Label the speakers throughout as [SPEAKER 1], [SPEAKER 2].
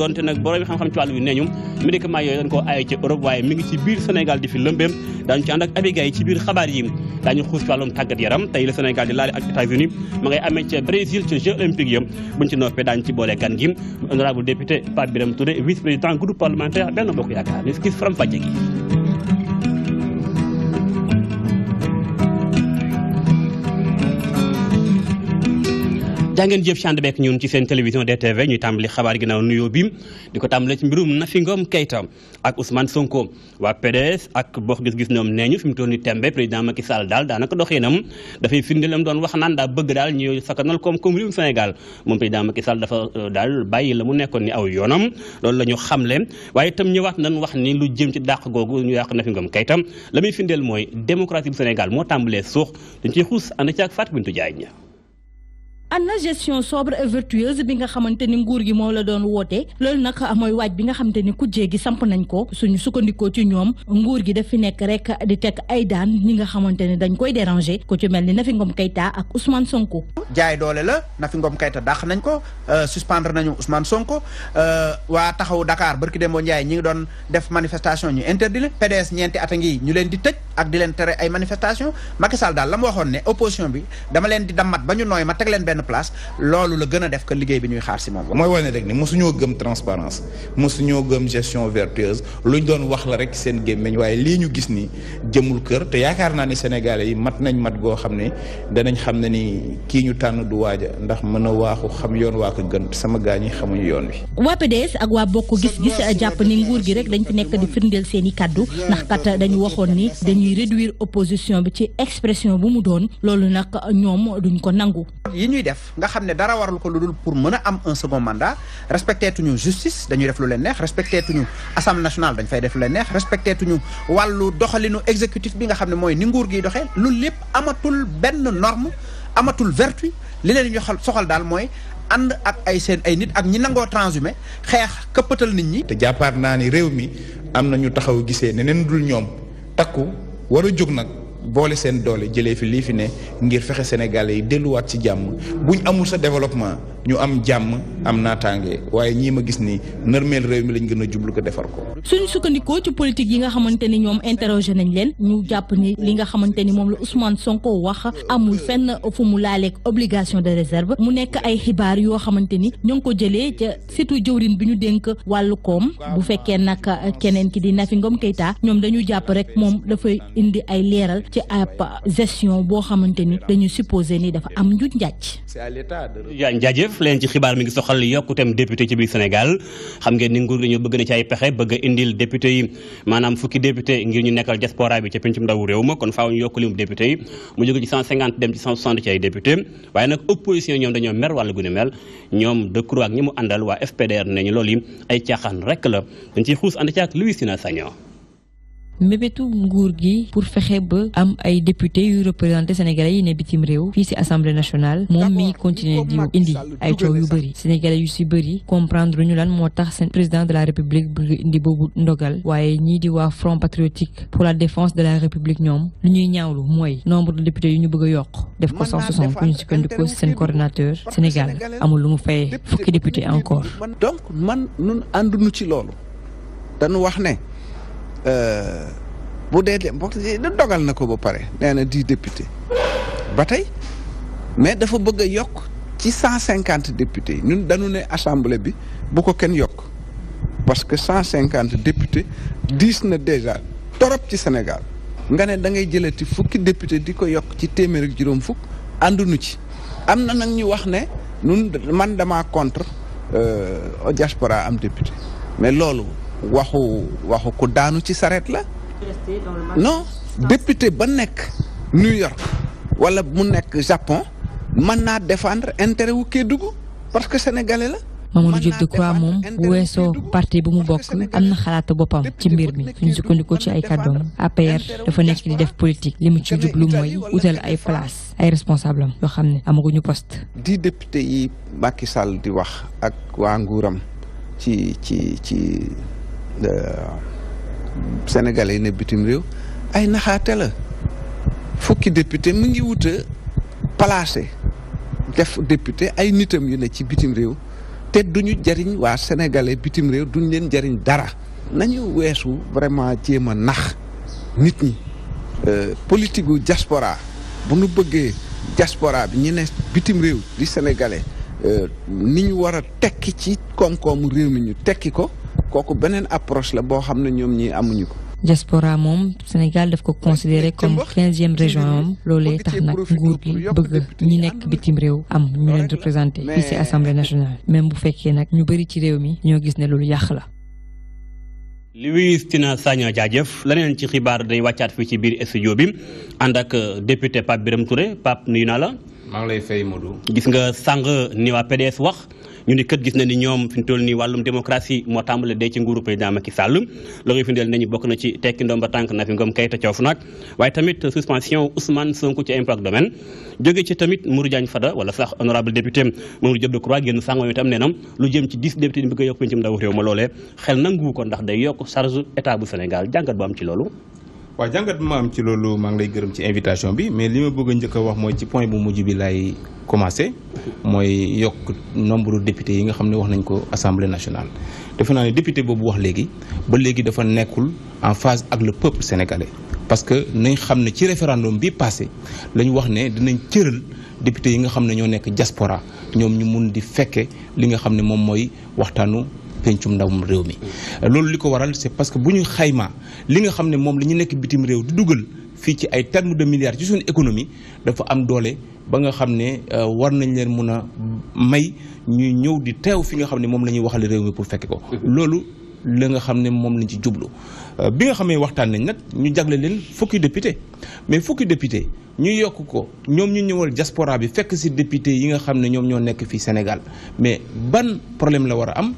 [SPEAKER 1] donte nag borom yi xam-xam ci wàllu bi nee ñu médicament yooyu dañ ko aaye ci Europe waaye mi ngi ci biir Sénégal di fi lëmbeem daañu ci ànd abigaay ci biir xabaar yi daañu xuus ci wàllum tàggat yaram tey la Sénégal di laale ak États-Unis ma ngay amee ca Brésil ca Jeux olympiques yam buñ ci noppee daañu ci boole gan gi honorable député Pape Birame Touré vice président groupe parlementaire Benno Bokk Yaakaar ni ki faram fàcce gi jàngeen jëf ci ànd bekk ñun ci seen télévision DTV ñuy tàmbali xabaar ginaaw nuyoo bi di ko tàmbale ci mbirum Nafi Ngom Keïta ak Ousmane Sonko waa PDS ak bokk gis-gis ñoom nee ñu fi mu toll ni tembe président daal daanaka doxinam dafay firnde lam doon wax naan daa bëgg daal ñu sakanal koom-koom réewum Sénégal moom euh, daal bàyyi la mu nekkoon ni aw yoonam loolu la ñu leen waaye tam ñëwaat nañ wax ni lu jëm ci dàq googu ñu yàq Nafi Ngom Keïta la muy firndeel mooy démocratie bu Sénégal moo tàmbalee suux dañ ciy xuus ànd ci ak Fatou Bintou jaay
[SPEAKER 2] ana gestion sobre et vertueuse bi nga xamante ni nguur gi moo la doon woote loolu nag mooy waaj bi nga xamante ni kujjee gi samp nañ ko suñu sukkandikoo ci ñoom nguur gi daf fi nekk rek di teg ay daan ñi nga xamante ne dañ koy déranger ko ci mel ni Nafi Ngom Keïta ak Ousmane
[SPEAKER 3] Sonko. jaay doole la Nafi Ngom Keïta dàq nañ ko euh, suspendre nañu Ousmane Sonko euh, waa taxawu Dakar barki Demba Ndiaye ñi ngi doon def manifestation ñu interdit la PDS ñeenti at a ngi ñu leen di tëj ak di leen tere ay manifestation Macky Sall daal la mu waxoon ne opposition bi dama leen di dammat ba ñu nooy ma teg leen benn place loolu la gën a def que liggéey bi ñuy xaar si moom. mooy wane rek ni mosuñoo gëm transparence mosuñoo gëm gestion vertueuse luñ doon wax la rek seen gémmiñ waaye lii ñu gis
[SPEAKER 4] ni jëmul kër te yaakaar naa ni Sénégalais yi mat nañ mat goo xam ne danañ xam ne ni kii ñu tànn du waaja ndax mën a waaxu xam yoon waa ko gënt sama gaa yi xamuñu yoon wi.
[SPEAKER 2] waa PDS ak waa bokk gis-gis jàpp ni nguur gi rek dañ fi nekk di firndeel seen i kaddu ndax kat dañu waxoon ni dañuy réduire opposition bi ci expression bu mu doon loolu nag ñoom duñ ko
[SPEAKER 3] nangu. yi ñuy def def nga xam dara waral ko lu pour mën am un second mandat respecté tuñu justice dañuy def lu leen neex respecté tuñu assemblée nationale dañ fay def lu leen neex respecté tuñu wàllu doxalinu exécutif bi nga xam moy ni nguur gi doxee lu lepp amatul ben norme amatul vertu li leen ñu soxal dal moy and ak ay seen ay nit ak ñi nango transhumé xex këppatal nit ñi. te jàppaar naa ni réew mi amna ñu taxaw gisee neneen dul ñom
[SPEAKER 4] takku waru jog nak boole seen doole jëlee fi lii fi ne ngir fexe Sénégalais yi delluwaat ci jàmm buñ amul sa développement ñu am jàmm am naataange waaye ñii ma gis ni
[SPEAKER 5] nërmeel réew mi lañ gën a jublu ko defar ko.
[SPEAKER 2] suñu sukkandikoo ci politique yi nga xamante ni ñoom interroger nañ leen ñu jàpp ni li nga xamante ni moom la Ousmane Sonko wax amul fenn fu mu laaleeg obligation de réserve mu nekk ay xibaar yoo xamante ni ñoo ngi ko jëlee ca surtout jëwrin bi ñu dénk wàllu koom bu fekkee nag keneen ki di Nafi Ngom Keïta ñoom dañu jàpp rek moom dafay indi ay leeral ci ab gestion boo xamante ni dañu supposé ni dafa am njuuj njaaj.
[SPEAKER 1] jëf leen ci xibaar mi ngi soxal yokkutem député ci biir Sénégal xam ngeen ni nguur gi ñu bëgg na ci ay pexe bëgg indil député yi maanaam fukki député ngir ñu nekkal diaspora bi ca pencum ndawu réew ma kon faaw ñu yokk limu député yi mu jóge ci ci ci ay député waaye nag opposition ñoom dañoo mer wàllu gune mel ñoom de Croix ak ñi mu àndal waa FPDR ne ñu loolu yi ay caaxaan rek la dañ ciy xuus ànd caak Louis Sina Sagnon
[SPEAKER 6] mébétu nguur gi pour fexé ba am ay député yuy représenté sénégalais yi ne bitim réew fi ci assemblée nationale moom mi continuer di indi ay taw yu bëri sénégalais yu ci bëri comprendre ñu lan moo tax président de la république bëgg indi bobu ndogal waye ñi di wa front patriotique pour la défense de la république ñom lu ñuy ñaawlu moy nombre de députés yu ñu bëgg yok def ko 160 bu ñu sukkandikoo ci sen coordinateur Sénégal amul lu mu fayee fukki député encore
[SPEAKER 3] donc man andu ànduñu ci lolu dañ wax né Euh, bu dee dem bokk dogal na ko ba pare nee na dix ba tey mais dafa bëgg a yokk ci cent cinquante députés ñun dañu ne assemblée bi bu ko kenn yokk parce que cent cinquante députés diis na déjà torop ci Sénégal nga ne da ngay jëlati fukki député di ko yokk ci téeméer juróom fukk àndunu ci am na nag ñu wax ne ñun man dama contre euh, diaspora am député mais loolu waxu waxu ko daanu ci saret la non député ba nekk New York wala mu nekk Japon man naa défendre intérêt wu Kédougou parce que sénégalais la
[SPEAKER 6] moom Mamadou Diop Decroix moom bu weesoo parti bu mu bokk am na xalaatu boppam ci mbir mi suñu sukkandikoo ci ay kàddoom APR dafa nekk di def politique li mu ci jublu mooy utal ay place ay responsable yoo xam ne amaguñu poste
[SPEAKER 3] di député yi Macky Sall di wax ak waa nguuram ci ci ci Euh, sénégalais yi ne bitim réew ay naxaate la fukki député mu ngi wuta placé def député ay nitam yu ne ci bitim réew te duñu jariñ waa sénégalais bitim réew duñ leen jariñ dara nañu weesu vraiment jéem a nax nit ñi euh, politique gu diaspora bu nu bëggee diaspora bi ñu ne bitim réew di sénégalais euh, ni ñu war a tekki ci koom-koomu réew mi ñu tekki ko kooku beneen approche la boo xam ne ñoom ñii amuñu ko.
[SPEAKER 6] diaspora moom Sénégal def ko considéré comme quinzième région am loolee tax nag nguur gi bëgg ñi nekk bitim réew am ñu leen représenté fii ci assemblée nationale même bu fekkee nag ñu bëri ci réew mi ñoo gis ne loolu yàq la.
[SPEAKER 1] Louis-Tina Sagna jaajëf leneen ci xibaar day wàccaat fii ci biir studio bi ànd ak euh, député Pape Birame Touré Pape nuyu naa la. maa ngi lay fay Modou. gis nga sàng ni waa wax. ñu ni kët gis na ni ñoom fi ñu toll nii wàllum démocratie moo tàmbale dee ci nguuru président Macky Sall la koy firndeel nañu bokk na ci tekki ndomba tànk na fi ngom kayita coof naag waaye tamit suspension Ousmane Sonko ci impact domaine jóge ci tamit Mourou Diagne Fada wala sax honorable député Mamadou Diop Decroix génn sàngoo itam nee na lu jëm ci 10 député yi bi yokk pencum ndaw réew ma loolee xel nangu ko ndax day yokk charge état bu Sénégal jàngat bu ci loolu waaw
[SPEAKER 4] jàngat maam ci loolu maa ngi lay gërëm ci invitation bi mais li ma bëgg a njëkk a wax mooy ci point bu mujj bi laay commencé mooy yokk nombre de députés yi nga xam ne wax nañ ko assemblée nationale. defe naa ne député boobu wax léegi ba léegi dafa nekkul en phase ak le peuple sénégalais parce que nañ xam ne ci référendum bi passé lañ wax ne dinañ cëral député yi nga xam ne ñoo nekk jaspora ñoom ñu mun di fekke li nga xam ne moom mooy waxtaanu. pencum ndawum waral c'est parce que bu xayma li bitim rew du duggal fi ci de milliards ci économie dafa am doole ba nga euh, war leen may ñu ñëw di tew fi nga xamné Nous lañuy pour fekk ko nga lañ ci euh, bi nga député mais fukki député ñu ko ñu diaspora bi fekk si député yi Sénégal mais ban problème la wara am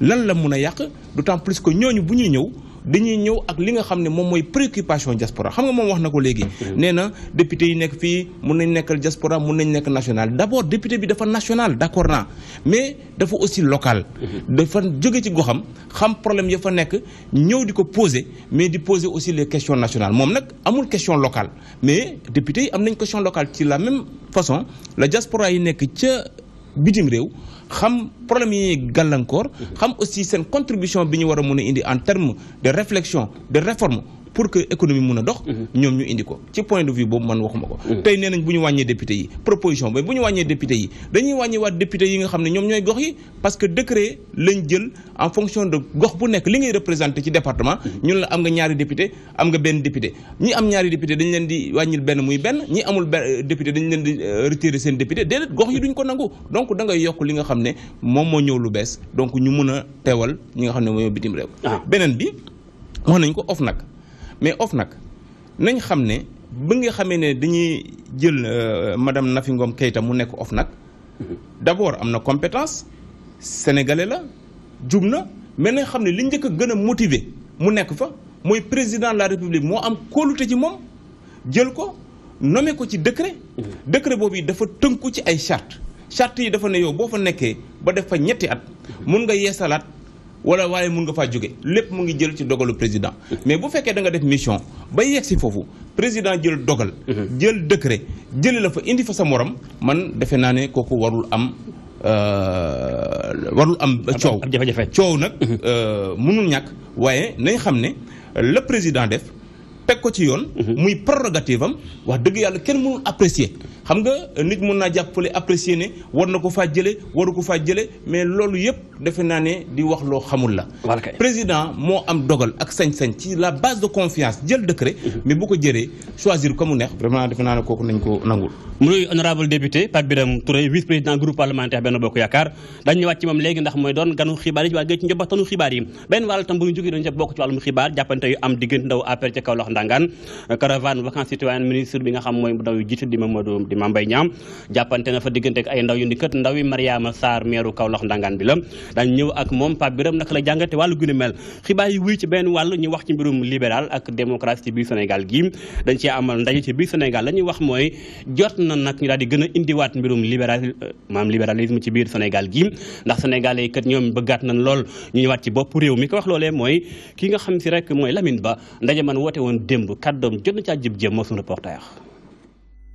[SPEAKER 4] lan la mun yak d'autant plus que ñooñu bu ñuy ñëw dañuy ñëw ak li nga xamné mom moy préoccupation diaspora xam nga mom wax na légui mm-hmm. néna député yi nekk fi mën nañ nekkal diaspora mën nañ nekk national d'abord député bi dafa national d'accord na mais dafa aussi local. Mm-hmm. dafa jóge ci goxam xam problème ya fa nekk ñëw diko poser mais di poser aussi les questions nationales mom nak amul question locale mais député yi am nañ question locale ci la même façon la diaspora yi nekk ci bitim réew xam problème yi mhm. xam aussi sen contribution à wara mëna indi en termes de réflexion de réforme pour que économie mun a dox. Mhm. ñoom ñu indi ko ci point de vue boobu man waxuma ko. Mhm. tey nee bu ñu wàññee député yi proposition boobu bu ñu wàññee député yi dañuy wàññi waat député yi nga xam ne ñoom ñooy gox yi parce que décret lañ jël en gox bu nekk li ngay représenté ci département. Mhm. ñun am nga ñaari député am nga benn député ñi am ñaari député dañ leen di wàññil benn muy benn ñi amul benn euh, dañ leen di euh, retirer seen député déedéet gox yi duñ ko nangu donc da ngay yokk li nga xam ne moom moo ñëw lu bees donc ñu mun a teewal ñi nga xam ne moo bitim réew ah. beneen bi wax nañ ko of nag mais nag nañ xam ne ba nga xamee ne dañuy jël euh, madame Nafi Ngom Keïta mu nekk OFNAC d'abord am na compétence sénégalais la jub na mais nañ xam ne li njëkk a gën a motiver mu nekk fa mooy président de la république moo am kóolute ci moom jël ko nommé ko ci décret décret boobu dafa tënku ci ay charte charte yi dafa ne yow boo fa nekkee ba def fa ñetti at mun nga yeesalaat wala waaye mun nga fa jóge lepp mu ngi jël ci dogalu président mais bu féké da nga def mission ba yegg fofu président jël dogal mhm. jël décret jël la fa indi fa sa morom man défé nané koku warul am euh warul am coow jafe nak mhm. euh mënul ñak waaye nañ xamné le président def teg ko ci yoon mhm. muy prérogative am wax dëgg yalla kenn mënul apprécier xam nga nit mun naa jàppale apprécier ne war na ko faa jële waru ko faa jële mais loolu yëpp defe naa ne di wax loo xamul la président moo am dogal ak sañ-sañ ci la base de confiance jël décret mhm. mais
[SPEAKER 1] bu ko jëree choisir ko mu neex vraiment defe naa ne kooku nañ ko nangul mu nuyu honorable député Pape Birame vice président groupe parlementaire Benno Bokk Yaakaar dañ ñëwaat ci moom ndax mooy doon ganu xibaar yi waaye gëj xibaar yi benn wàll tam bu ñu jógee dañu ci di Mame Mbaye Niang jàppante na fa diggante ak ay ndaw yu ni kat ndaw yi Mariama Sarr meeru Kaolack ndangaan bi la daañ ñëw ak moom Pape Birame naka la jàngate wàllu gune mel xibaar yi wuy ci benn wàll ñu wax ci mbirum libéral ak démocratie ci biir Sénégal gii dañ ci amal ndaje ci biir Sénégal la wax mooy jot na nag ñu di gën indiwaat mbirum libéral maam libéralisme ci biir Sénégal gii ndax sénégalais kat ñoom bëggaat na lool ñu ñëwaat ci bopp réew mi ko wax loolee mooy ki nga xam si rek mooy Lamine Ba ndaje man woote woon démb kàddoom jot na caa jib jëm moo suñu reporter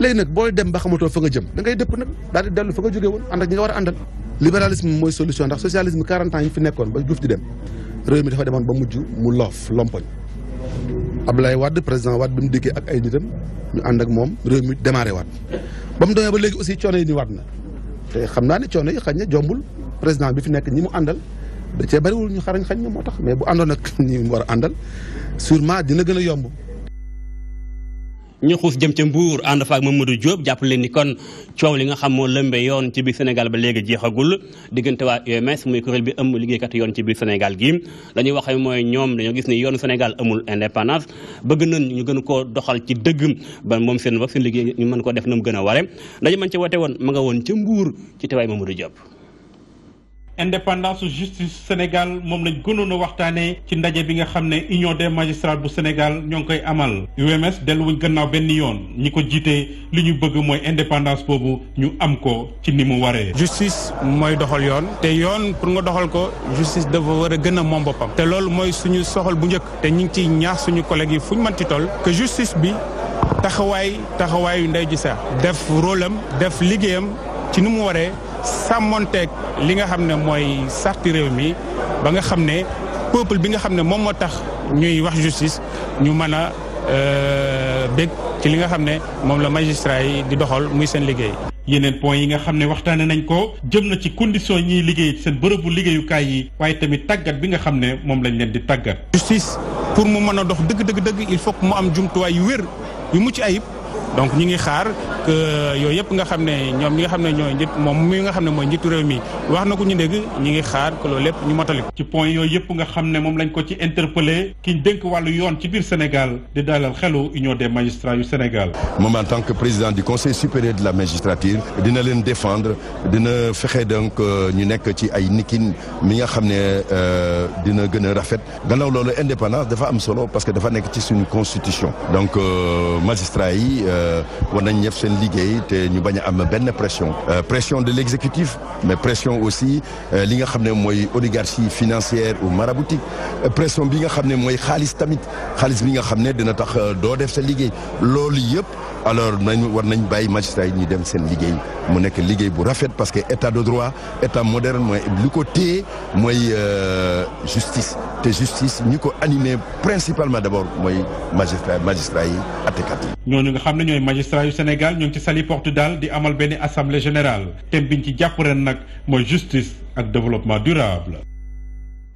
[SPEAKER 5] léegi nag booy dem ba xamatoo fa nga jëm da ngay dëpp nag daal di dellu fa nga jógee woon ànd ak ñi nga war a àndal libéralisme mooy solution ndax socialisme 40 ans yi fi nekkoon ba Diouf di mi dafa demoon ba mujj mu loof lompoñ Abdoulaye Wade président Wade bi mu dikkee ak ay nitam ñu ànd ak moom réew mi démarré waat ba mu demee ba léegi aussi coono yi ni waat na te xam naa ne coono yi xañ na jombul président bi fi nekk ñi mu àndal da cee ñu xarañ xañ na moo tax mais bu àndoon ak ñi mu war àndal sûrement dina a yomb ñu xuus jëm ca Mbour
[SPEAKER 1] ànd fa ma Mamadou Diop jàpp leen ni kon coow li nga xam moo lëmbe yoon ci biir Sénégal ba léegi jeexagul diggante waa UMS muy kuréel bi amul liggéey liggéeykat yoon ci biir Sénégal gi la ñuy waxee mooy ñoom dañoo gis ni yoonu Sénégal amul indépendance bëgg nañ ñu gën koo doxal ci dëgg ba moom seen bopp seen liggéey ñu mën ko def na mu gën a ware ndaje man ca woote woon ma nga woon ca mbuur ci tewaay Mamadou Diop
[SPEAKER 7] indépendance justice Sénégal moom lañ gënoon a waxtaanee ci ndaje bi nga xam ne union des magistrats bu Sénégal ñoo ngi koy amal UMS delluwuñ gannaaw benn yoon ñi ko jiite li ñu bëgg mooy indépendance boobu ñu am ko ci ni mu waree. justice mooy doxal yoon te yoon pour nga doxal ko justice dafa war a gën a moom boppam te loolu mooy suñu soxal bu njëkk te ñu ngi ciy ñaax suñu collègues yi fu ñu mën ci toll que justice bi taxawaay taxawaayu ndey ji sax def rôle def liggéeyam ci ni mu waree. sàmmonteeg li nga xam ne mooy sarti réew mi ba nga xam ne peuple bi nga xam ne moom moo tax ñuy wax justice ñu mën a euh, bég ci li nga xam ne moom la magistrat yi di doxal muy seen liggéey. yeneen point yi nga xam ne waxtaane nañ ko jëm na ci condition ñiy liggéey seen bërëbu liggéeyukaay yi waaye tamit tàggat bi nga xam ne moom lañ leen di tàggat. justice pour mu mën a dox dëgg dëgg dëgg il faut mu am jumtuwaay yu wér yu mucc ayib. donc nous ngi xaar que nga ne ñi nga ne mi nga ne mi que loolu lépp ñu ci point nga ne lañ ko ci interpellé ki dénk wàllu yoon ci Sénégal di dalal union des magistrats du Sénégal
[SPEAKER 8] en tant que président du conseil supérieur de la magistrature dina défendre donc euh, ñu ci ay mi nga ne euh, dina gën rafet indépendance dafa am solo parce que dafa ci suñu constitution donc euh, magistrat yi euh, war nañ ñëf seen liggéey te ñu bañ a am benn pression euh, pression de l'exécutif mais pression aussi euh, li nga xam ne mooy oligarchie financière ou maraboutique pression bi nga xam ne mooy xaalis tamit xaalis bi nga xam ne dina tax doo def sa liggéey loolu yëpp alors nañ war nañ bay magistrat yi ñuy dem s'en liguey mu nek liguey bu rafet parce que état de droit état moderne moy li ko moy euh, justice té justice ñi ko animé principalement d'abord moy magistrat magistrat yi attekat kat
[SPEAKER 7] ñooñu nga xam ne magistrat yu Sénégal ñoo ngi ci sali Portudal di amal benn assemblée générale té biñ ci japp ren nak moy justice
[SPEAKER 1] ak développement durable.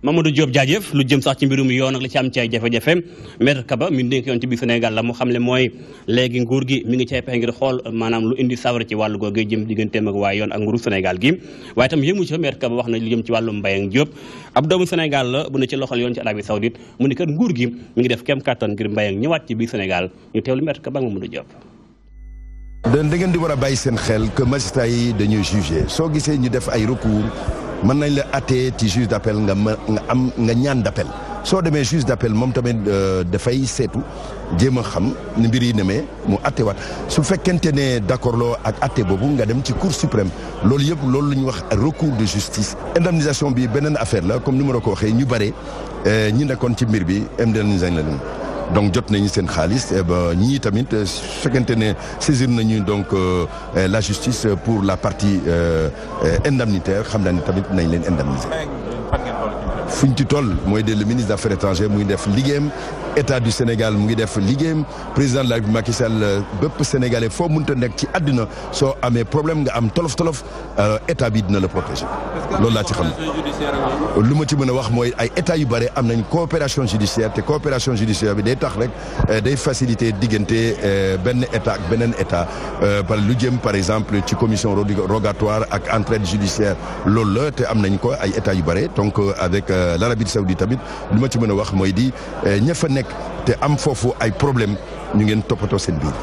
[SPEAKER 1] mamadou diop jaajëf lu jëm sax ci mbirum yoon ak la ci am ci jafé jafé maître kaba mi dénk yon ci bi sénégal la mu xamlé moy légui nguur gi mi ngi ci ay pexe ngir xool maanaam lu indi savre ci walu gogé jëm digganteem ak way yoon ak nguur sénégal gi way tam yëmu ci maître kaba wax na lu jëm ci walu mbay ak diop ab doomu sénégal la bu ne ci loxol yoon ci arabie saoudite mu ni kat nguur gi mi ngi def kem carton ngir mbay ak ñëwaat ci bi sénégal ñu tewlu maître kaba mamadou diop
[SPEAKER 8] da ngeen di wara bay seen xel que magistrat yi dañuy juger so gisé ñu def ay recours man nañ la attee ci juge d'appel nga nga am nga ñaan d'appel appel soo demee juge d'appel appel moom tamit euh, dafay seetu jéem a xam ni mbir yi demee mu attewaat su fekkente ne d' accord loo ak atté boobu nga dem ci cour suprême loolu yëpp loolu la ñuy wax recours de justice. indemnisation bi beneen affaire la comme ni ma la ko waxee ñu bare euh, ñi nekkoon ci mbir bi indemnisé la leen donc jot nañu sen xaalis et eh ben, ñii tamit eh, su saisir nañu donc eh, la justice pour la partie indemnitaire xam naa tamit nañ leen indemniser. fuñ ci toll moy de le ministre des affaires étrangères muy def liggéeyam état du Sénégal mu ngi def liggéeyam président de la République Macky Sall euh, bépp sénégalais fo mënta nek ci aduna so amé problème nga am tolof tolof euh, état bi dina le protéger. loolu la ci xam luma ci mëna wax moy ay état yu bare am nañ coopération judiciaire té coopération judiciaire bi day tax rek euh, day faciliter diggante benn état ak beneen état par lu jëm par exemple ci commission rogatoire ak entraide judiciaire loolu la té am nañ ko ay état yu bare donc avec l'Arabie saoudite tamit luma ci mëna wax moy di ña nekk te am foofu ay problème ñu ngeen toppatoo seen biir.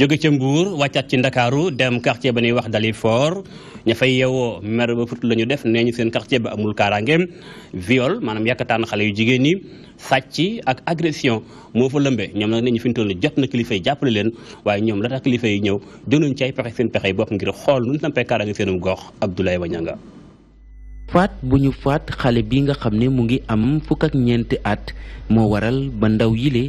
[SPEAKER 1] jóge ca Mbour wàccaat ci Ndakaaru dem quartier ba ñuy wax Dalifort ña fay yeewoo mer ba fut lañu def nee ñu seen quartier ba amul kaaraangeem viol maanaam yàkkataan xale yu jigéen ñi sàcc ak agression moo fa lëmbee ñoom nag nee ñu fi ñu toll jot na kilifa yi jàppale leen waaye ñoom la tax kilifa yi ñëw jonuñ ci ay pexe seen pexe yi bopp ngir xool nu ñu sampee kaaraange seenum gox Abdoulaye Wanyanga
[SPEAKER 9] faat bu ñu faat xale bi nga xam ne mu ngi am fukk ak ñeenti at moo waral ba ndaw yi yile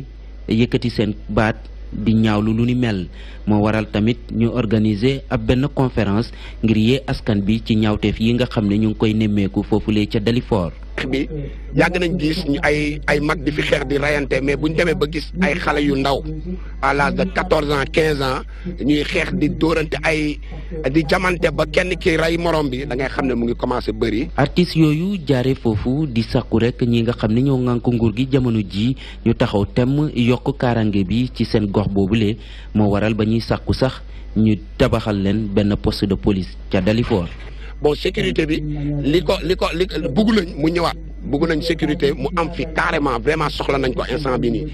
[SPEAKER 9] yëkkati seen baat di ñaawlu lu lu ni mel moo waral tamit ñu organiser ab benn conférence ngir yee askan bi ci ñaawteef yi nga xam ne ñu ngi koy nemmeeku foofulee ca Dalifort
[SPEAKER 5] xeex bi yàgg nañ gis ay ay mag di fi xeex di rayante mais bu ñu demee ba gis ay xale yu ndaw à l'âge de quatorze ans quinze ans ñuy xeex di dóorante ay di jamante ba kenn ki rey morom bi da ngay xam ne mu ngi commencé bëri.
[SPEAKER 9] artistes yooyu jaare foofu di sàkku rek ñi nga xam ne ñoo ŋànk nguur gi jamono ji ñu taxaw temm yokk kaarange bi ci seen gox boobu lee moo waral ba ñuy sàkku sax ñu tabaxal leen benn poste de police ca Dalifort.
[SPEAKER 5] bon sécurité bi liko liko bugu nañ mu ñëwaat bugu nañ sécurité mu am fi carrément vraiment soxla nañ ko instant bi ni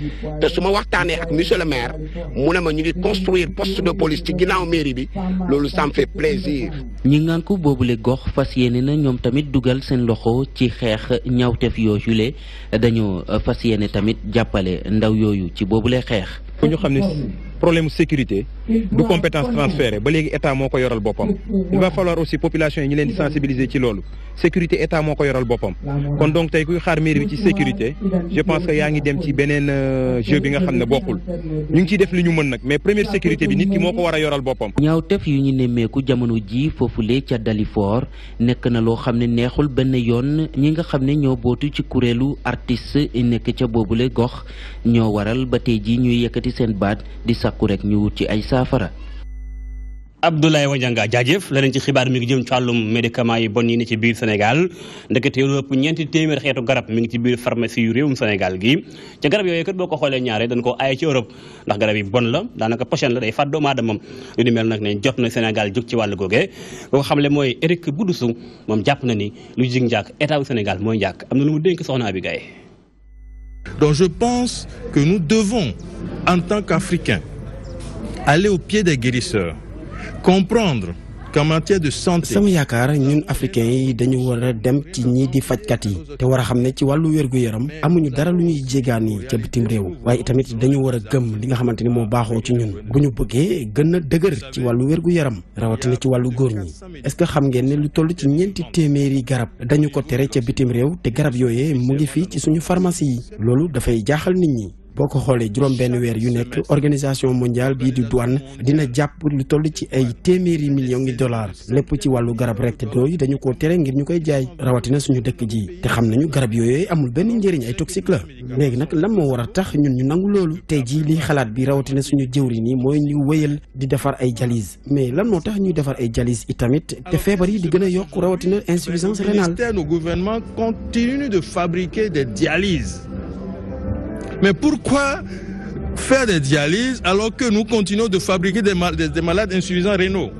[SPEAKER 5] te suma ma waxtaanee ak monsieur le maire mu ne ma ñu ngi construire poste de police ci ginnaaw mairie bi lolu ça me fait plaisir.
[SPEAKER 9] ñi ngànk bobule gox fas yéene na ñom tamit duggal seen loxo ci xex ñawtef yooyule dañu
[SPEAKER 10] fas yéene tamit jappalé ndaw yoyu ci bobule xex ñu xam problème sécurité du compétence transférée ba léegi état moo ko yoral boppam il va falloir aussi population yi ñu leen di sensibiliser ci loolu sécurité état moo ko yoral boppam kon donc tey kuy xaar mairie bi ci sécurité je pense que yaa ngi dem ci beneen euh, jeu bi nga xam ne bokkul ñu ngi ciy def li ñu mën nag mais première sécurité bi nit ki moo ko war a yoral boppam
[SPEAKER 9] ñaawtef yu ñu nemmeeku jamono ji foofule ca
[SPEAKER 10] Dalifort
[SPEAKER 9] nekk na loo xam ne neexul benn ñi nga xam ne ñoo ci kuréelu artiste nekk ca boobule gox ñoo waral ba tey ji ñuy yëkkati seen baat di sàkku rek ñu wut ci ay saafara
[SPEAKER 1] Abdoulaye Wadianga jaajëf leneen ci xibaar mi ngi jëm ci wàllum médicament yi bon yi ne ci biir Sénégal ndekete lu ëpp ñeenti téeméer xeetu garab mi ngi ci biir pharmacie yu réewum Sénégal gi ca garab yooyu kat boo ko xoolee ñaare dañ ko aaye ci Europe ndax garab yi bon la daanaka pochen la day fàt doomu aadamam lu ni mel nag ne jot na Sénégal jóg ci wàllu googee ko xamle mooy eric Goudiassou moom jàpp na ni lu jig njàkk état bu Sénégal mooy njàkk am na lu mu dénk soxna bi Gaye donc je pense que nous devons en tant qu'Africains
[SPEAKER 8] aller au pied des guérisseurs
[SPEAKER 10] comprendre qu'en de santé. sama yaakaar ñun africains yi dañu war dem ci ñii di fajkat yi te war a xam ne ci wàllu wér yaram amuñu dara lu ñuy jégaani ca bitim réew waaye itamit dañu war a gëm li nga xamante ni moo baaxoo ci ñun bu ñu bëggee gën a dëgër ci wàllu wér yaram rawatina ci wàllu góor ñi est-ce que xam ngeen ne lu toll ci ñeenti téeméeri garab dañu ko tere ca bitim réew te garab yooye mu ngi fii ci suñu pharmacie yi loolu dafay jaaxal nit ñi. organisation mondiale dollars Le
[SPEAKER 8] gouvernement continue de fabriquer des dialyses. Mais pourquoi faire des dialyses alors que nous continuons de
[SPEAKER 1] fabriquer des, mal des, des malades insuffisants rénaux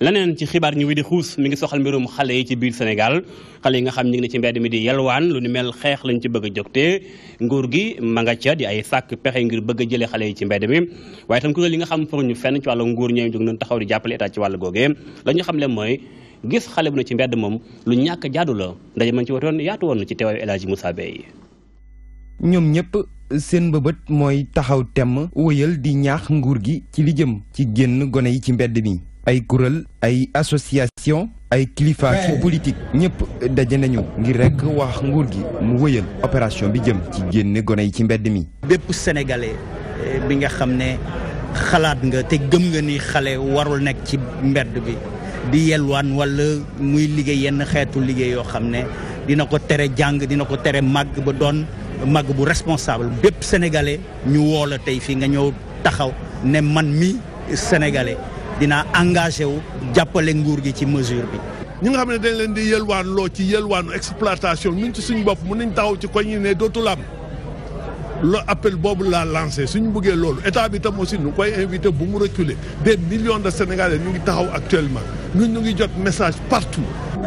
[SPEAKER 1] leneen ci xibaar ñu wi di xuus mi ngi soxal mbirum xale yi ci biir Sénégal xale yi nga xam ñu ngi ne ci mbedd mi di yalwaan lu ni mel xeex lañ ci bëgg a jógtee nguur gi ma nga ca di ay sàkk pexe ngir bëgg a jëlee xale yi ci mbedd mi waaye itam kuréel yi nga xam pour ñu fenn ci wàllu nguur ñooy jóg nañ taxaw di jàppale état ci wàllu googee la ñu xam le mooy gis xale bu ne ci mbedd moom lu ñàkk jaadu la ndaje man ci watoon yaatu woon ci teewaayu El Hadji Moussa Beye
[SPEAKER 10] ñoom ñëpp seen mbëbët mooy taxaw temm wëyal di ñaax nguur gi ci li jëm ci génn gone yi ci mbedd mi ay kuréel ay association ay kilifa ci politique ñëpp daje nañu ngir rekk wax nguur gi mu wëyal opération bi jëm ci génn gone yi ci mbedd mi
[SPEAKER 11] bépp sénégalais eh, bi nga xam ne xalaat nga te gëm nga ni xale warul nekk ci mbedd bi di yelwaan walla muy liggéey yenn xeetu liggéey yoo xam ne dina ko tere jàng dina ko tere màgg ba doon màgg bu responsable bépp sénégalais ñu woo la tey fii nga ñëw taxaw ne man mi sénégalais dinaa engagé wu
[SPEAKER 5] jàppale nguur gi ci mesure bi. ñi nga xam ne dañ leen di yelwaan loo ci yelwaanu exploitation ñun ci suñu bopp mën nañ taxaw ci koñ yi ne dootul am loo appel boobu laa lancé suñu bëggee loolu état bi tam aussi nu koy invité bu mu reculer des millions de sénégalais ñu ngi taxaw actuellement ñun ñu ngi jot message partout.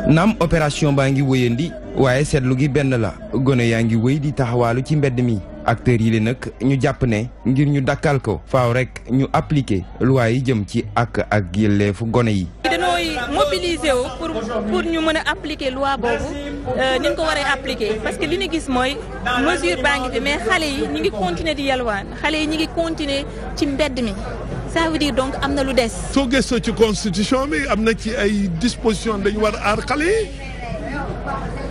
[SPEAKER 10] naam opération baa ngi wëyandi waaye seetlu gi benn la gone yaa ngi wëy di taxawaalu ci mbedd mi. acteurs yi li nag ñu jàpp ne ngir ñu dakkal ko faw rek ñu appliquer loi yi jëm ci ak ak yelleefu gone yi.
[SPEAKER 2] mobiliser pour pour ñu mën appliquer loi bobu euh, ni ñu ko waré appliquer parce que li ñu gis moy mesure bangi fi mais xalé yi ñu ngi continuer di yalwaan xalé yi ñu ngi continuer ci mbedd mi ça veut dire donc amna lu dess
[SPEAKER 5] so gëstoo ci constitution mi amna ci ay disposition dañu war ar xalé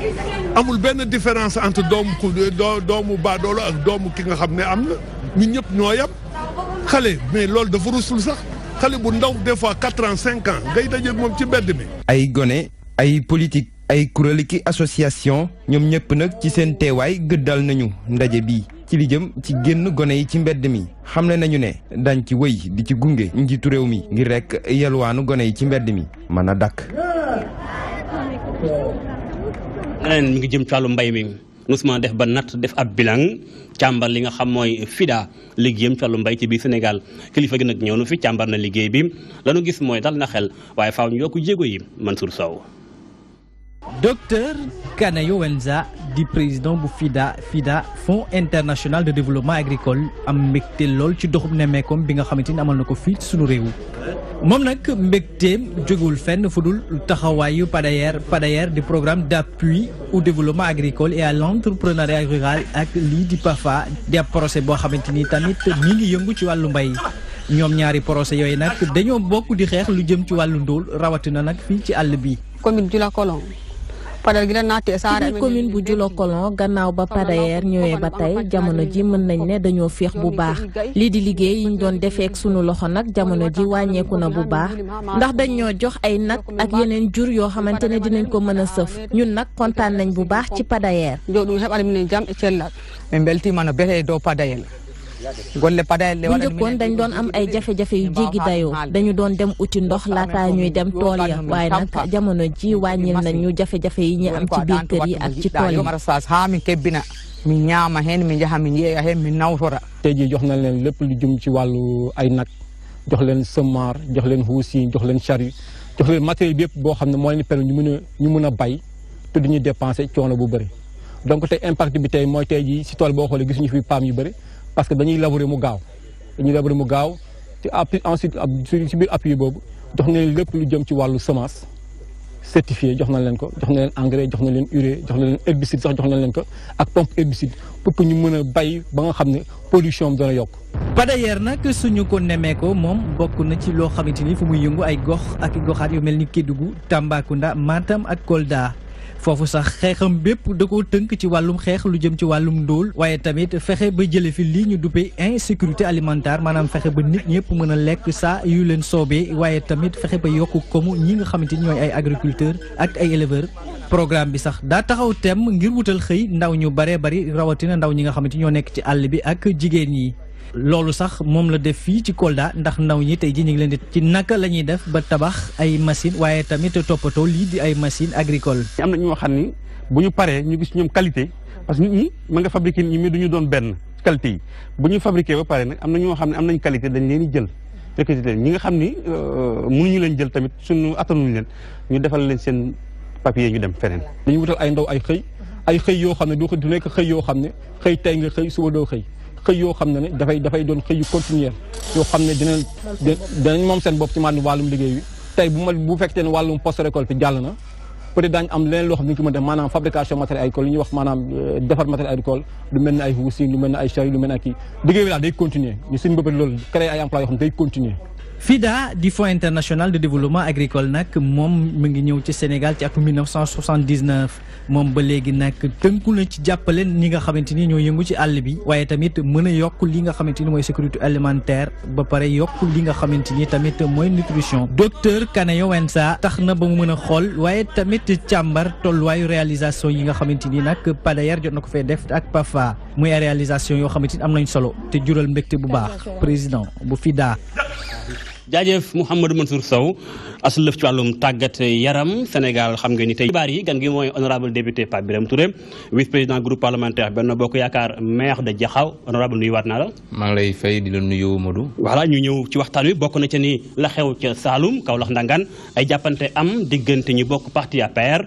[SPEAKER 5] yi amul ben différence entre dom, ku doomu baadoolo ak doomu ki nga xamné ne ñun ñep ñoo yem xale mais da dafa rusul sax. xale bu ndaw des fois ngay dajeeg
[SPEAKER 10] moom ci mbedd mi. ay gone ay politique ay kuréel ki association ñoom ñëpp nag ci seen teewaay gëddal nañu ndaje bi ci li jëm ci génn gone yi ci mbedd mi xam xamle nañu ne dañ ci wëy di ci gunge njiitu réew mi ngir rek yelwaanu gone yi ci mbedd mi mën a dakk leneen ngi jëm ci wàllu
[SPEAKER 1] Ousmane def ba natt def ab bilan càmbar li nga xam mooy FIDA liggéeyam ci wàllu mbay ci biir Sénégal kilifa gi nag ñëw na fi càmbar na liggéey bi lanu gis mooy dal na xel waaye faw ñu yokk jéego yi Mansour Sow
[SPEAKER 11] docteur Kanayo Wenza di président bu FIDA FIDA Fonds international de développement agricole am mbégte lool ci doxum nemmeekom bi nga xamante ni amal na ko fii sunu réew. moom nag mbégteem jógul fenn fu dul taxawaayu PADAER PADAER di programme d'appui au développement agricole et à l'entrepreneuriat rural ak lii di PAFA di ab projet boo xamante ni tamit mi ngi yëngu ci wàllu mbay. ñoom ñaari projet yooyu nag dañoo bokk di xeex lu jëm ci wàllu ndóol rawatina nag fii ci àll bi. commune ci biir
[SPEAKER 2] commune bu Dioulacolon gannaaw ba Pader ñëwee ba tey jamono ji mën nañ ne dañoo féex bu baax lii di liggéey yi ñu doon defee ak sunu loxo nag jamono ji wàññeeku na bu baax ndax dañ ñoo jox ay nag ak yeneen jur yoo xamante ne dinañ ko mën a sëf ñun nag kontaan nañ bu baax ci Pader. golle padayel le bu doon am ay jafe-jafe yu dañu doon dem uti ndox laataa ñuy dem tool ya waaye nag jamono ji wàññil nañ ñu jafe-jafe yi ñi am ci biir kër yi ak ci tool yi mi ñaama hen mi njaxa mi njeeya hen mi nawtora
[SPEAKER 12] tey jii jox na leen lépp lu jëm ci wàllu ay nag jox leen sëmmaar jox leen xuus yi jox leen chari jox leen matériel boo xam ne moo leen permettre ñu mën a ñu mën a bay te duñu dépensé coono bu bëri donc tey impact bi tey mooy tey jii si tool boo xoolee gisuñu fi paam yu bëri parce que dañuy labourer mu gaaw dañuy labourer mu gaaw té appui ensuite ci biir appui bobu jox na leen lépp lu jëm ci wàllu semence certifié jox na leen ko jox na leen engrais jox na leen urée jox na leen herbicide sax jox na
[SPEAKER 11] leen ko ak pompe herbicide pour que ñu mën a bay ba nga xam ne production am dana yokk. Padayer nag suñu ko nemee ko moom bokk na ci loo xamante ni fu muy yëngu ay gox ak goxaat yu mel ni Kédougou Tambacounda Matam ak Kolda. foofu sax xeexam bépp da tënk ci wàllum xeex lu jëm ci wàllum ndóol waaye tamit fexe ba jële fi lii ñu in sécurité alimentaire maanaam fexe ba nit ñëpp mën a lekk saa yu leen soobee waaye tamit fexe ba yokk komu ñi nga xamante ni ñooy ay agriculteur ak ay éleveur programme bi sax daa taxaw tem ngir wutal xëy ndaw ñu bare bari rawatina ndaw ñi nga xamante ñoo nekk ci àll bi ak jigéen yi loolu sax moom la def fii ci Kolda ndax ndaw ñi tey ji ñu ngi leen di ci naka la ñuy def ba tabax ay machine waaye tamit toppatoo lii di ay machine agricole am na ñoo xam ni bu ñu paree ñu gis ñoom
[SPEAKER 7] qualité parce que nit ñi nga fabriquer nit ñi du ñu doon benn qualité yi bu ñu fabriquer ba pare nag am na ñoo xam ne am nañ qualité dañ leen di jël recruter leen ñi nga xam ni euh, mënuñu leen jël tamit suñu attanuñu leen ñu defal leen seen papier ñu dem feneen dañu wutal ay ndaw ay xëy ay xëy yoo
[SPEAKER 12] xam ne du nekk xëy yoo xam ne xëy tey nga xëy suba doo xëy xëy yoo xam ne dafay dafay doon xëy yu continuer yoo xam ne dinañ dinañ moom seen bopp ci maanaam wàllum liggéey bi tey bu ma bu fekkee ne wàllum post récolte jàll na peut être daañu am leneen loo xam ne ñu ko mën a def maanaam fabrication matériel agricole li ñuy wax maanaam defar matériel agricole lu mel ne ay huusin lu mel ne ay chari lu mel ne ak kii liggéey bi daal day continuer ñu suñu bopp loolu créer ay emploi yoo xam ne day continuer
[SPEAKER 11] FIDA di Fonds international de développement agricole nag moom mu ngi ñëw ci Sénégal ci atum 1979 moom ba léegi nag tënku na ci jàppale ñi nga xamante ni ñoo yëngu ci àll bi waaye tamit mën a yokk li nga xamante ni mooy sécurité alimentaire ba pare yokk li nga xamante ni tamit mooy nutrition. docteur Kanayo Wensa tax na ba mu mën a xool waaye tamit càmbar tolluwaayu réalisation yi nga xamante ni nag PADAER jot na ko fee def ak PAFA muy réalisation yoo xamante ni am nañ solo te jural mbégte bu baax président bu FIDA.
[SPEAKER 1] jaajëf Mouhamadou Mansour Sow aslëf ci wàllum tàggat yaram Sénégal xam nga ni tey xibaar yi gan gi mooy honorable député Pape Birame Touré vice président groupe parlementaire Benno Bokk Yaakaar maire de Diakhao honorable nuyu waat naa la
[SPEAKER 4] maa ngi lay fay di la nuyu Modou
[SPEAKER 1] voilà ñu ñëw ci waxtaan wi bokk na ca ni la xew ca Saloum Kaolack Ndangaan ay jàppante am diggante ñu bokk parti APR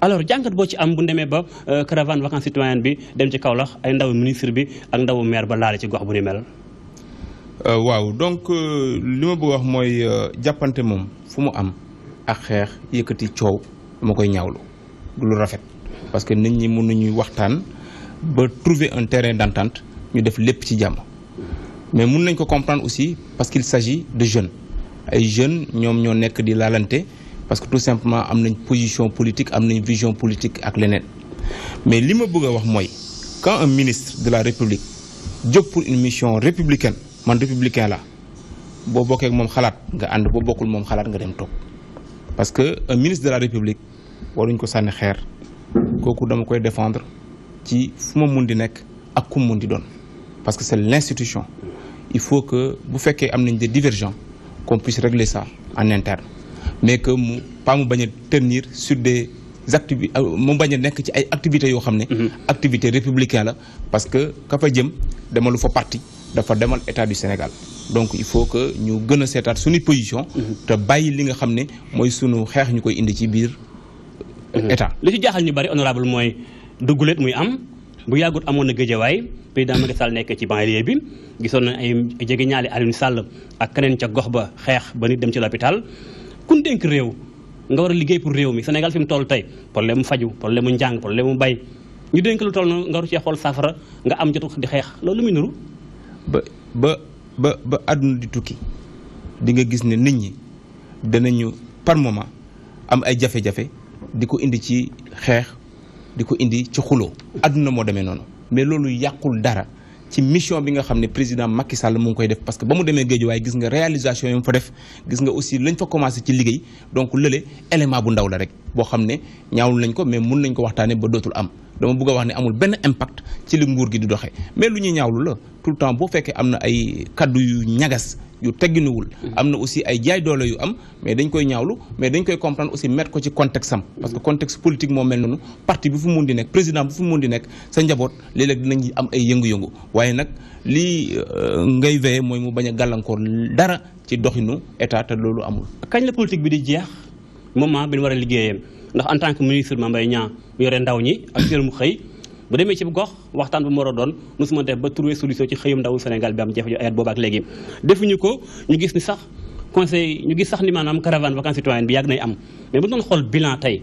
[SPEAKER 1] alors jàngat boo ci am bu demee ba euh, caravane vacances citoyennes bi dem ci Kaolack ay ndaw ministre bi ak ndawu maire ba laale ci gox bu ni mel
[SPEAKER 4] Euh, waaw donc euh, li ma bëgg wax mooy euh, jàppante moom fu mu am ak xeex yëkkati coow dama koy ñaawlu lu rafet parce que nit ñi waxtaan ba trouver un terrain d'entente ñu def lépp ci jàmm mais mun nañ ko comprendre aussi parce qu'il s'agit de jeunes ay jeunes ñoom ñoo nekk di lente parce que tout simplement am une position politique am une vision politique ak leneen mais li ma bëgg a wax mooy quand un ministre de la République jóg pour une mission républicaine man républicain la bo bokkee ak moom xalaat nga and bo bokul mom xalat nga dem top parce que un ministre de la république waruñ ko sanni xeer koku dama koy défendre ci fuma ma nek ak ku mun don parce que c'est l'institution il faut que bu féké am nañ des divergents qu'on puisse régler ça en interne mais que mu pas mu tenir sur des activités, euh, mu bañ a ci ay activités yoo mm-hmm. activité républicaine la parce que ka fa jëm demalu fa parti dafa demal état du Sénégal donc il faut que ñu gëna sétat suñu position. Mhm. te bayyi li nga xamné moy suñu xex ñukoy indi ci biir mhm. état.
[SPEAKER 1] li ci jaxal ñu bari honorable moy dugguleet muy am bu yagut amoon na géejewaay président Macky Sall nek ci banlieue bi gisoon na ay jege ñaali Aliou Sall ak keneen ca gox ba xex ba nit dem ci l'hôpital kun denk rew nga war liggéey pour rew mi Sénégal fim toll tay problème faju problème njang problème bay ñu denk lu toll nga war ci xol saafara nga am jottu di xex lolu muy nuru. ba ba
[SPEAKER 4] ba ba àdduna di tukki di nga gis ne nit ñi danañu par moment am ay jafe-jafe di ko indi ci xeex di ko indi ci xuloo àdduna moo demee noonu mais loolu yàqul dara ci mission bi nga xam ne président Macky Sall mu ngi koy def parce que ba mu demee géej waaye gis nga réalisation yi mu fa def gis nga aussi lañ fa commencé ci liggéey donc lële élément bu ndaw la rek boo xam ne ñaawul nañ ko mais mun nañ ko waxtaanee ba dootul am dama bugg a wax ne amul benn impact ci li nguur gi di doxee mais lu ñuy ñaawlu la tout le temps boo fekkee am na ay kaddu yu ñagas yu tegginuwul am na aussi ay jaay doole yu am mais dañ koy ñaawlu mais dañ koy comprendre aussi mettre ko ci contexte am parce que contexte politique moo mel noonu parti bu fu mun di nekk président bu fu mun di nekk sa njaboot léeg-léeg dinañ am ay yëngu-yëngu waaye nag lii euh, ngay veillé mooy
[SPEAKER 1] mu bañ a gàllankoor dara ci doxinu état te loolu amul kañ la politique bi di jeex moment bi ñu war a liggéeyam ndax en tant que ministre Mame Mbaye Niang yore ndaw ñi ak seen mu xëy bu demee ci gox waxtaan bu mu war a doon nu su ma def ba trouver solution ci xëyum ndawu Sénégal bi am jafe-jafe ayat boobu ak léegi defuñu ko ñu gis ni sax conseil ñu gis sax ni maanaam caravane vacances citoyennes bi yàgg nay am mais bu doon xool bilan tey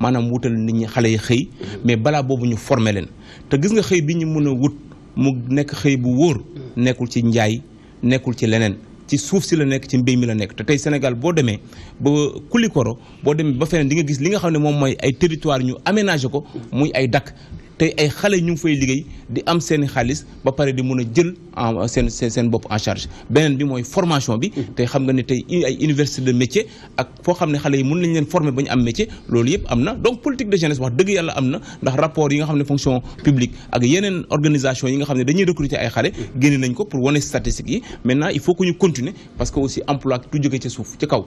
[SPEAKER 4] maanaam wutal nit ñi xale yi xëy mm-hmm. mais balaa boobu ñu former leen te gis nga xëy bi ñu mën a wut mu nekk xëy bu wóor mm-hmm. nekkul ci njaay nekkul ci leneen ci suuf si la nekk ci mbéy mi la nekk te tey Sénégal boo demee ba Kulikoro boo demee ba feneen di nga gis li nga xam ne moom mooy ay territoire ñu aménagé ko muy ay dakk tey ay xalé ñu fay liggéey di am seen xaliss ba paré di mëna jël euh, seen seen bop en charge benen bi moy formation bi mm-hmm. tey xam nga ne tey ay université de métier ak fo xamné xalé yi mëna leen former ba ñu am métier loolu yëpp amna donc politique de jeunesse wax dëgg yalla amna ndax rapport yi nga xamné fonction publique ak yeneen organisation yi nga xamné dañuy recruter ay xalé mm-hmm. génne nañ ko pour woné statistique yi maintenant il faut que ñu continuer parce que aussi emploi tu jóge ci suuf ci kaw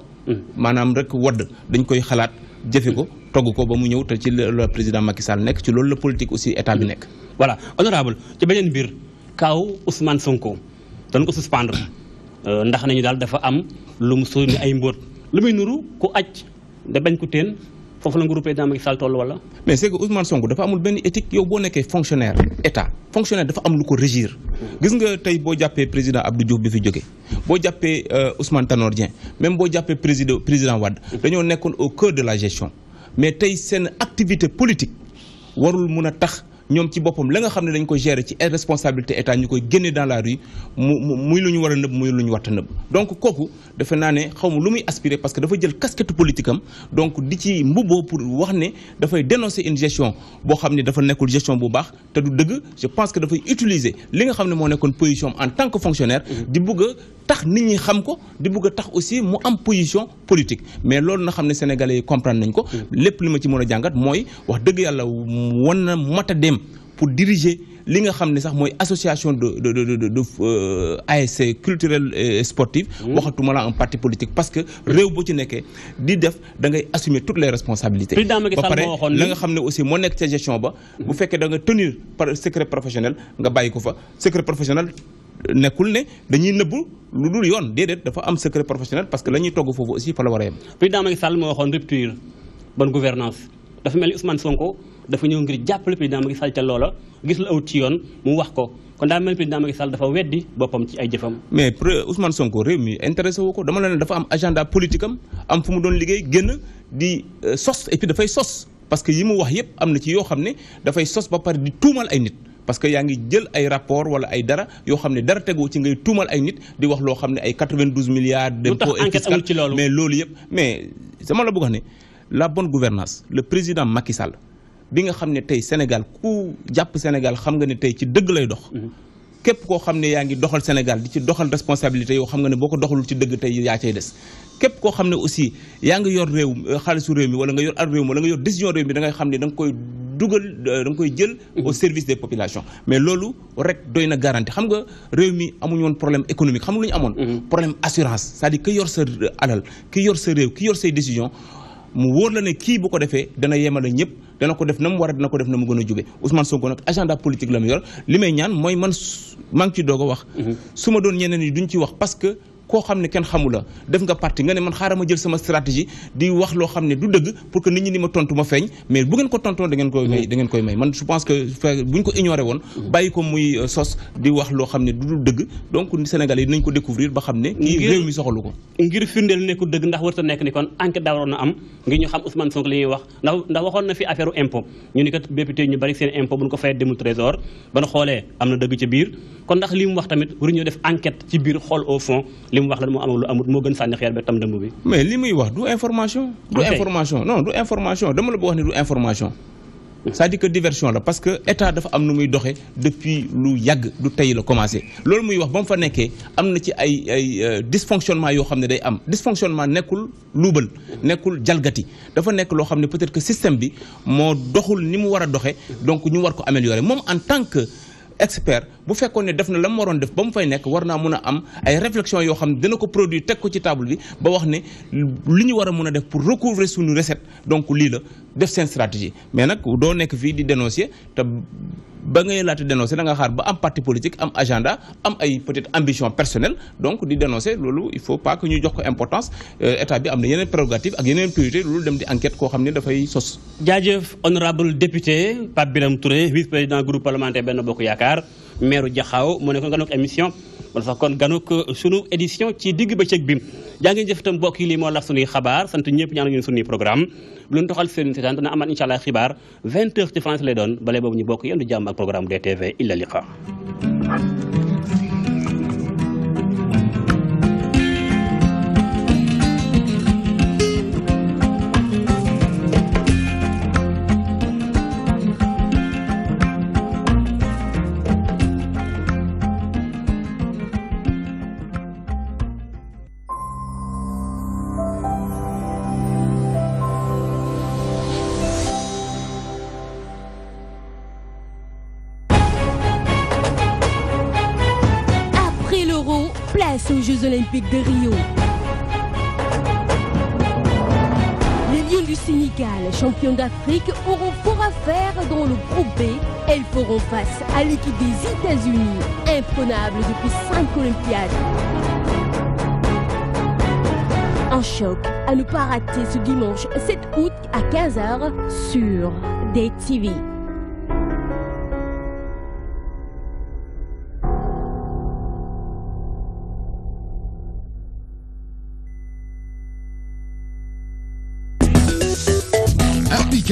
[SPEAKER 4] manam mm-hmm. rek wad dañ koy xalaat jëfe ko togg ko ba mu ñëw te ci la président Macky Sall nekk ci loolu la politique aussi état
[SPEAKER 1] bi nekk. voilà honorable ci beneen biir kaaw Ousmane Sonko dañ ko suspendre euh, ndax nañu daal dafa am lu mu ni ay mbóot lu muy nuru ku aj da bañ ko teen foofu la nguuru président Macky Sall toll wala. mais c'est que Ousmane Sonko dafa amul benn éthique yow boo
[SPEAKER 4] nekkee fonctionnaire état fonctionnaire dafa am lu ko régir. gis nga tay bo jappé président Abdou Diouf bi fi jóge bo jappé euh, Ousmane Tanor même bo jappé président président wad dañu nekkone au cœur de la gestion mais tay sen activité politique warul mun tax ñom ci boppam la nga xam dañ ko gérer ci responsabilité état ñukoy koy dans la rue mu muy lu ñu war a nëbb muy luñu ñu warta donc koku dafa nané xawmu lu muy aspirer parce que dafa jël casquette politiquam donc di ci mbubboo pour wax né da fay dénoncer une gestion bo xam dafa nekul gestion bu baax té du dëgg je pense que da fay utiliser li nga xam mo moo nekkoon position en tant que fonctionnaire di bëgg tax nit ñi xam ko di bëgg tax aussi mu am position politique mais loolu na xam sénégalais yi comprendre nañ ko mm. lepp li ma ci mëna jangat moy wax dëgg yalla wan na mata dem pour diriger li nga xamné sax moy association de de de de de euh, ASC culturelle et sportive. Mmh. waxatuma la un parti politique parce que rew bo ci nekkee di def da ngay assumer toutes les responsabilités. ba pare la nga xamné aussi mo nek ci gestion ba. bu fekkee da nga tenir par secret professionnel nga bayiko fa secret professionnel. nekul ne dañuy de
[SPEAKER 1] lu yone yoon déedéet dafa am secret professionnel parce que la togg fofu aussi fa la waré président Macky Sall mo waxone rupture bonne gouvernance dafa mel son Ousmane Sonko dafa ñëw ngir jàppale président Macky Sall ca loola gis la aw ci yoon mu wax ko kon daa mel président Macky Sall dafa weddi boppam ci ay jëfam.
[SPEAKER 4] mais pour Ousmane Sonko réew mi intéressé woo ko dama la ne dafa am agenda politique am am fu mu doon liggéey génn di euh, sos et puis dafay sos parce que yi mu wax yëpp am na ci yoo xam ne dafay sos ba pare di tuumal ay nit. parce que yaa ngi jël ay rapport wala ay dara yoo xam ne dara tegoo ci ngay tuumal ay nit di wax loo xam ne ay 92 milliards d'impôts et mais loolu yëpp mais sama la bëgg a ne la bonne gouvernance le président Macky Sall bi nga xam Sénégal ku japp Sénégal xam nga ne tey ci deug lay dox mhm. kep ko xam ne doxal Sénégal di ci doxal responsabilité yo xam nga ne boo ko ci deug tay ya des kep ko xam aussi yaa ngi yor réew euh, xaalisu réew mi wala nga yor al réew mi wala nga yor décision réew mi da ngay xam ne da nga koy dougal euh, da koy jël au mhm. service des populations mais lolu rek doyna une garantie xam nga réew mi problème économique xam nga lu mhm. problème assurance c'est-à-dire ki yor sa euh, alal ki yor sa rew ki yor say décision mu wóor la ne kii bu ko defee dana yemale ñëpp dana ko def na mu war a dana ko def na mu gën a jube Ousmane Sonko nag agenda politique la mu yor li may ñaan mooy man maa ngi ci doog wax. Mhm. suma ma doon ñeneen yi duñ ci wax parce que. ko xam ken xamula def nga parti nga ne man xaram ma jël sama stratégie di wax lo xam ne du deug pour que nit ñi ni ma tontu ma feñ mais bu ngeen ko tonton da ngeen koy may da ngeen koy may man je pense que buñ ko ignorer won bayiko muy euh, sos di wax lo xam du du deug donc Sénégal yi nañ ko découvrir ba xam ne rew mi soxalu ko
[SPEAKER 1] ngir firndel ne ko deug ndax warta nek ni kon enquête daa na am ngir ñu xam Ousmane Sonko li ñuy wax ndax ndax waxon na fi affaire impôt ñu ni kat député ñu bari seen impôt buñ ko fay demul trésor ban xolé amna deug ci biir kon ndax limu wax tamit ñu def enquête ci biir xol au fond
[SPEAKER 4] mais li muy wax du information. du information non du information dama la du information. cest dit que diversion parce que état dafa am nu depuis lu yag du tay la commencé lolou muy wax bam fa am ci ay ay euh, dysfonctionnement yo xamné day am dysfonctionnement nekul nekul jalgati dafa peut-être que système bi mo doxul ni mu donc ñu war ko améliorer en tant que expert bu fekkone ne def na la mu def bam fay nek warna naa am ay réflexion yo xam ne dina ko produit teg ko ci table bi ba wax ne li ñu war def pour recouvrer suñu recette donc li la def sen stratégie mais nak do nek fi di dénoncer ba ngay laata dénoncer da nga xaar am parti politique am agenda am ay peut-être ambition personnelle donc di dénoncer loolu il faut pas que ñu jox ko importance euh, état bi am na yeneen prérogative ak yeneen priorité
[SPEAKER 1] loolu dem di enquête koo xam ne dafay sos. jaajëf honorable député Pape Birame Touré vice président du groupe parlementaire Benno Bokk meeru Jaxaaw mu nekkoon ganuk émission wala sax kon ganuk euh, sunu édition ci digg bëccëg bi jaa ngeen jëf itam mbokk yi lii moo xabaar sant ñëpp ñaan ngeen programme bu leen toxal seen seetaan dana amaat incha allah xibaar 20 heures ci France lay doon bale boobu ñu bokk yendu jàmm ak programme DTV illa liqa
[SPEAKER 2] aux Jeux Olympiques de Rio. Les Lions du Sénégal, champions d'Afrique, auront fort à faire dans le groupe B. Elles feront face à l'équipe des États-Unis, imprenable depuis cinq Olympiades. Un choc à ne pas rater ce dimanche 7 août à 15h sur DTV.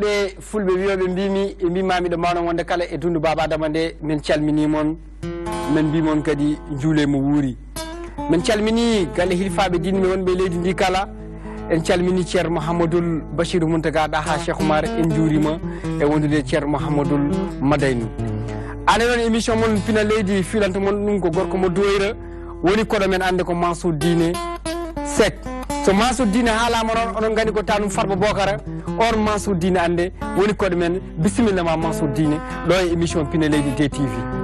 [SPEAKER 12] bandiraɓe fulɓe wiyoɓe mbimi e mbimami ɗo mawno wonde kala e dundu baba adama nde min calminimon min mbimon kadi juule mo wuuri min calmini galle hilfaɓe dinmi wonɓe leydi ndi kala en calmini ceerno mouhamadoul bachirou mountaga ɗa ha cheikh oumar en juurima e wondude ceerno mouhamadoul madaynou ana noon émission moon pina leydi filanta mon ɗum ko gorko mo doyra woni koɗo men annde ko mansour dine sek so masudine haalama noon onon gandi ko tanum farba bocara on masudine ande woni koɗo men bisimillama masudine ɗo e émission pine leydi d tv